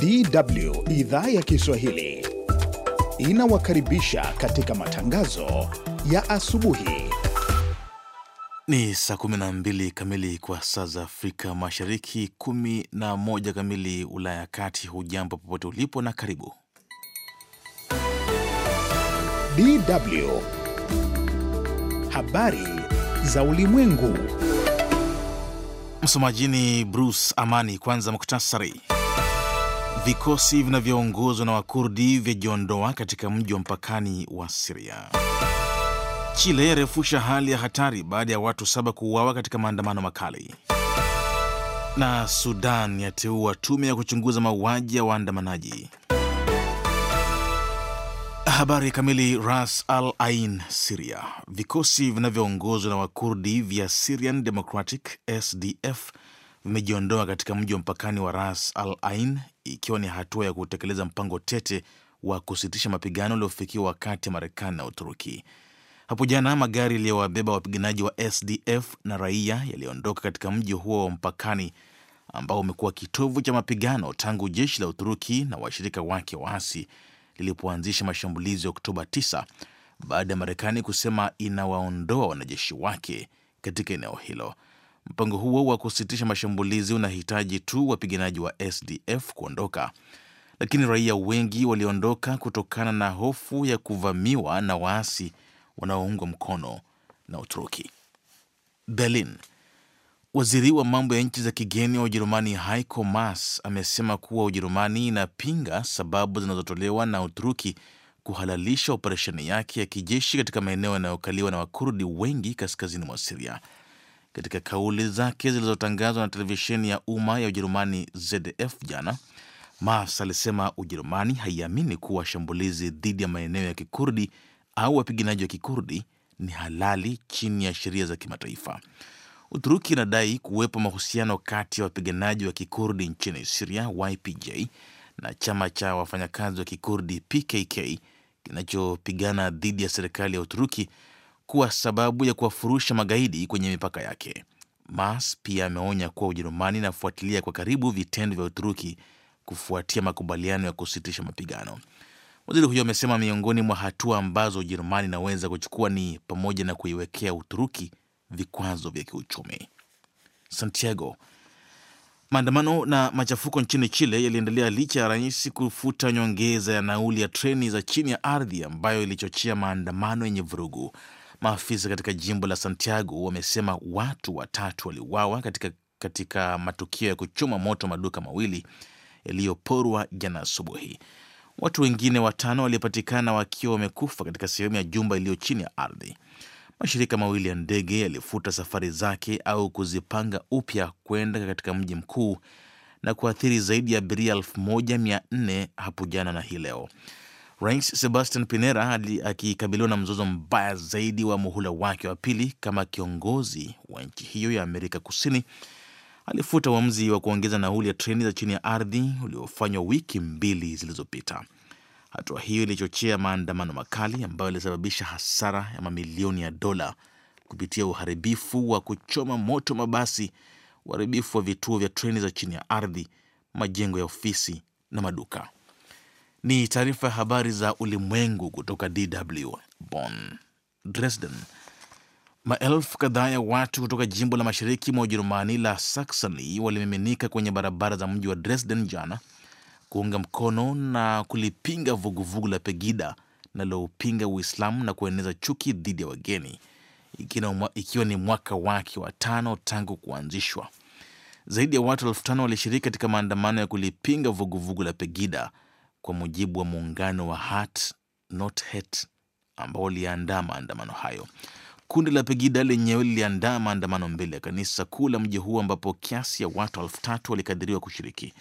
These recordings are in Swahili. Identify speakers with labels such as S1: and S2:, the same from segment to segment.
S1: DW idhaa ya Kiswahili inawakaribisha katika matangazo ya asubuhi. Ni saa 12 kamili kwa saa za Afrika Mashariki, 11 kamili Ulaya ya Kati. Hujambo popote ulipo na karibu. DW habari za ulimwengu. Msomaji ni Bruce Amani. Kwanza muktasari Vikosi vinavyoongozwa na Wakurdi vyajiondoa katika mji wa mpakani wa Siria. Chile yarefusha hali ya hatari baada ya watu saba kuuawa katika maandamano makali. Na Sudan yateua tume ya kuchunguza mauaji ya waandamanaji. Habari kamili. Ras Al Ain, Siria. Vikosi vinavyoongozwa na Wakurdi vya Syrian Democratic SDF vimejiondoa katika mji wa mpakani wa Ras Al Ain ikiwa ni hatua ya kutekeleza mpango tete wa kusitisha mapigano uliofikiwa kati ya Marekani na Uturuki. Hapo jana magari yaliyowabeba wapiganaji wa SDF na raia yaliondoka katika mji huo wa mpakani ambao umekuwa kitovu cha mapigano tangu jeshi la Uturuki na washirika wake waasi lilipoanzisha mashambulizi Oktoba 9 baada ya Marekani kusema inawaondoa wanajeshi wake katika eneo hilo. Mpango huo wa kusitisha mashambulizi unahitaji tu wapiganaji wa SDF kuondoka, lakini raia wengi waliondoka kutokana na hofu ya kuvamiwa na waasi wanaoungwa mkono na Uturuki. Berlin. Waziri wa mambo ya nchi za kigeni wa Ujerumani Heiko Maas amesema kuwa Ujerumani inapinga sababu zinazotolewa na Uturuki kuhalalisha operesheni yake ya kijeshi katika maeneo yanayokaliwa na Wakurdi wengi kaskazini mwa Siria katika kauli zake zilizotangazwa na televisheni ya umma ya Ujerumani ZDF jana. Mas alisema Ujerumani haiamini kuwa shambulizi dhidi ya maeneo ya Kikurdi au wapiganaji wa Kikurdi ni halali chini ya sheria za kimataifa. Uturuki inadai kuwepo mahusiano kati ya wapiganaji wa Kikurdi nchini Siria YPJ na chama cha wafanyakazi wa Kikurdi PKK kinachopigana dhidi ya serikali ya Uturuki kuwa sababu ya kuwafurusha magaidi kwenye mipaka yake. Mas pia ameonya kuwa Ujerumani inafuatilia kwa karibu vitendo vya Uturuki kufuatia makubaliano ya kusitisha mapigano. Waziri huyo amesema miongoni mwa hatua ambazo Ujerumani inaweza kuchukua ni pamoja na kuiwekea Uturuki vikwazo vya kiuchumi. Santiago. Maandamano na machafuko nchini Chile yaliendelea licha ya rais kufuta nyongeza ya nauli ya treni za chini ya ardhi ambayo ilichochea maandamano yenye vurugu. Maafisa katika jimbo la Santiago wamesema watu watatu waliuawa katika, katika matukio ya kuchoma moto maduka mawili yaliyoporwa jana asubuhi. Watu wengine watano walipatikana wakiwa wamekufa katika sehemu ya jumba iliyo chini ya ardhi. Mashirika mawili ya ndege yalifuta safari zake au kuzipanga upya kwenda katika mji mkuu na kuathiri zaidi ya abiria 1400 hapo jana na hii leo. Rais Sebastian Pinera akikabiliwa na mzozo mbaya zaidi wa muhula wake wa pili kama kiongozi wa nchi hiyo ya Amerika Kusini alifuta uamuzi wa kuongeza nauli ya treni za chini ya ardhi uliofanywa wiki mbili zilizopita. Hatua hiyo ilichochea maandamano makali ambayo ilisababisha hasara ya mamilioni ya dola kupitia uharibifu wa kuchoma moto mabasi, uharibifu wa vituo vya treni za chini ya ardhi, majengo ya ofisi na maduka. Ni taarifa ya habari za ulimwengu kutoka DW Bonn. Dresden, maelfu kadhaa ya watu kutoka jimbo la mashariki mwa Ujerumani la Saksoni walimiminika kwenye barabara za mji wa Dresden jana kuunga mkono na kulipinga vuguvugu la Pegida linalopinga Uislamu na kueneza chuki dhidi ya wageni ikiwa ni mwaka wake wa tano tangu kuanzishwa. Zaidi ya watu elfu tano walishiriki katika maandamano ya kulipinga vuguvugu la Pegida kwa mujibu wa muungano wa Heart Not Hate ambao liliandaa maandamano hayo. Kundi la Pegida lenyewe liliandaa maandamano mbele ya kanisa kuu la mji huo ambapo kiasi ya watu elfu tatu walikadiriwa kushiriki.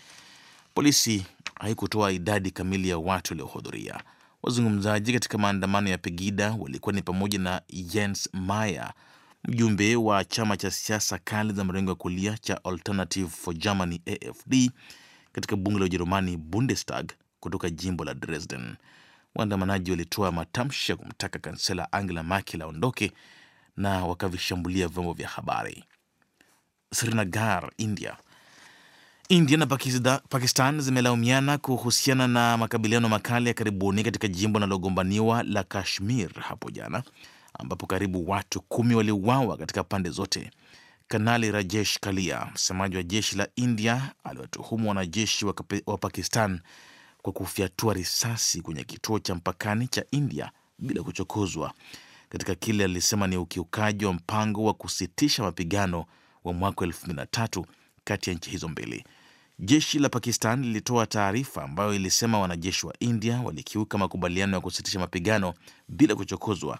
S1: Polisi haikutoa idadi kamili ya watu waliohudhuria. Wazungumzaji katika maandamano ya Pegida walikuwa ni pamoja na Jens Meyer, mjumbe wa chama cha siasa kali za mrengo wa kulia cha Alternative for Germany AFD katika bunge la Ujerumani Bundestag, kutoka jimbo la Dresden. Waandamanaji walitoa matamshi ya kumtaka kansela Angela Merkel aondoke na wakavishambulia vyombo vya habari. Srinagar, India. India na Pakistan zimelaumiana kuhusiana na makabiliano makali ya karibuni katika jimbo linalogombaniwa la Kashmir hapo jana, ambapo karibu watu kumi waliuawa katika pande zote. Kanali Rajesh Kalia, msemaji wa jeshi la India, aliwatuhumu wanajeshi wa Pakistan kwa kufyatua risasi kwenye kituo cha mpakani cha India bila kuchokozwa katika kile alisema ni ukiukaji wa mpango wa kusitisha mapigano wa mwaka 3 kati ya nchi hizo mbili. Jeshi la Pakistan lilitoa taarifa ambayo ilisema wanajeshi wa India walikiuka makubaliano ya kusitisha mapigano bila kuchokozwa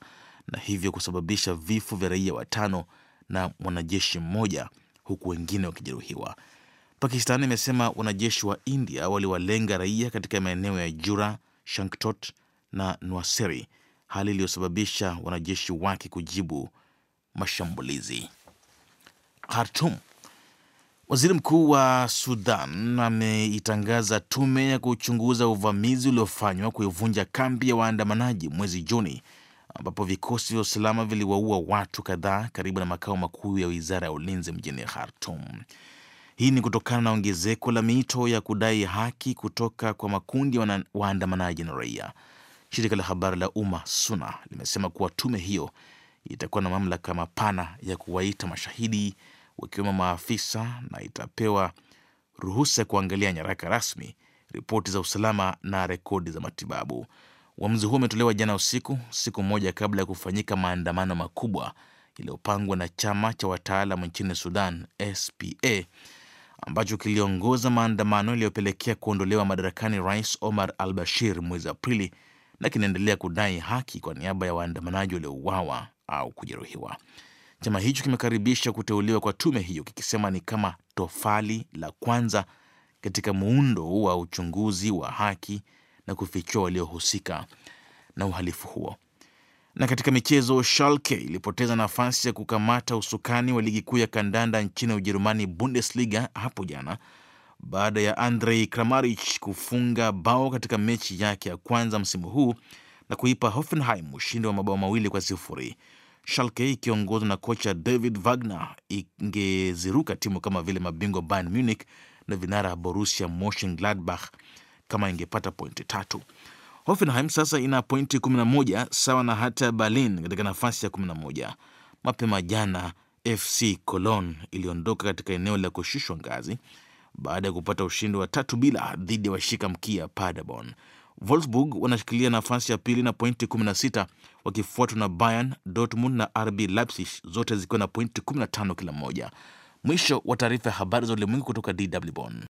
S1: na hivyo kusababisha vifo vya raia watano na mwanajeshi mmoja huku wengine wakijeruhiwa. Pakistan imesema wanajeshi wa India waliwalenga raia katika maeneo ya Jura, Shanktot na Nuaseri, hali iliyosababisha wanajeshi wake kujibu mashambulizi. hartum Waziri Mkuu wa Sudan ameitangaza tume ya kuchunguza uvamizi uliofanywa kuivunja kambi ya waandamanaji mwezi Juni, ambapo vikosi vya usalama viliwaua watu kadhaa karibu na makao makuu ya wizara ya ulinzi mjini khartum hii ni kutokana na ongezeko la mito ya kudai haki kutoka kwa makundi ya waandamanaji na raia. Shirika la habari la umma SUNA limesema kuwa tume hiyo itakuwa na mamlaka mapana ya kuwaita mashahidi wakiwemo maafisa na itapewa ruhusa ya kuangalia nyaraka rasmi, ripoti za usalama na rekodi za matibabu. Uamuzi huo umetolewa jana usiku, siku moja kabla ya kufanyika maandamano makubwa yaliyopangwa na chama cha wataalam nchini Sudan, SPA ambacho kiliongoza maandamano yaliyopelekea kuondolewa madarakani Rais Omar al Bashir mwezi Aprili na kinaendelea kudai haki kwa niaba ya waandamanaji waliouawa au kujeruhiwa. Chama hicho kimekaribisha kuteuliwa kwa tume hiyo kikisema ni kama tofali la kwanza katika muundo wa uchunguzi wa haki na kufichua waliohusika na uhalifu huo. Na katika michezo, Schalke ilipoteza nafasi ya kukamata usukani wa ligi kuu ya kandanda nchini Ujerumani, Bundesliga, hapo jana baada ya Andrei kramarich kufunga bao katika mechi yake ya kwanza msimu huu na kuipa Hoffenheim ushindi wa mabao mawili kwa sifuri. Schalke ikiongozwa na kocha David Wagner ingeziruka timu kama vile mabingwa Bayern Munich na vinara Borussia Mönchengladbach kama ingepata pointi tatu. Hoffenheim sasa ina pointi 11 sawa na hata Berlin katika nafasi ya 11. Mapema jana FC Cologne iliondoka katika eneo la kushushwa ngazi baada ya kupata ushindi wa tatu bila dhidi ya washika mkia Paderborn. Wolfsburg wanashikilia nafasi ya pili na pointi 16 wakifuatwa na Bayern, Dortmund na RB Leipzig zote zikiwa na pointi 15 kila mmoja. Mwisho wa taarifa ya habari za ulimwengu kutoka DW Bonn.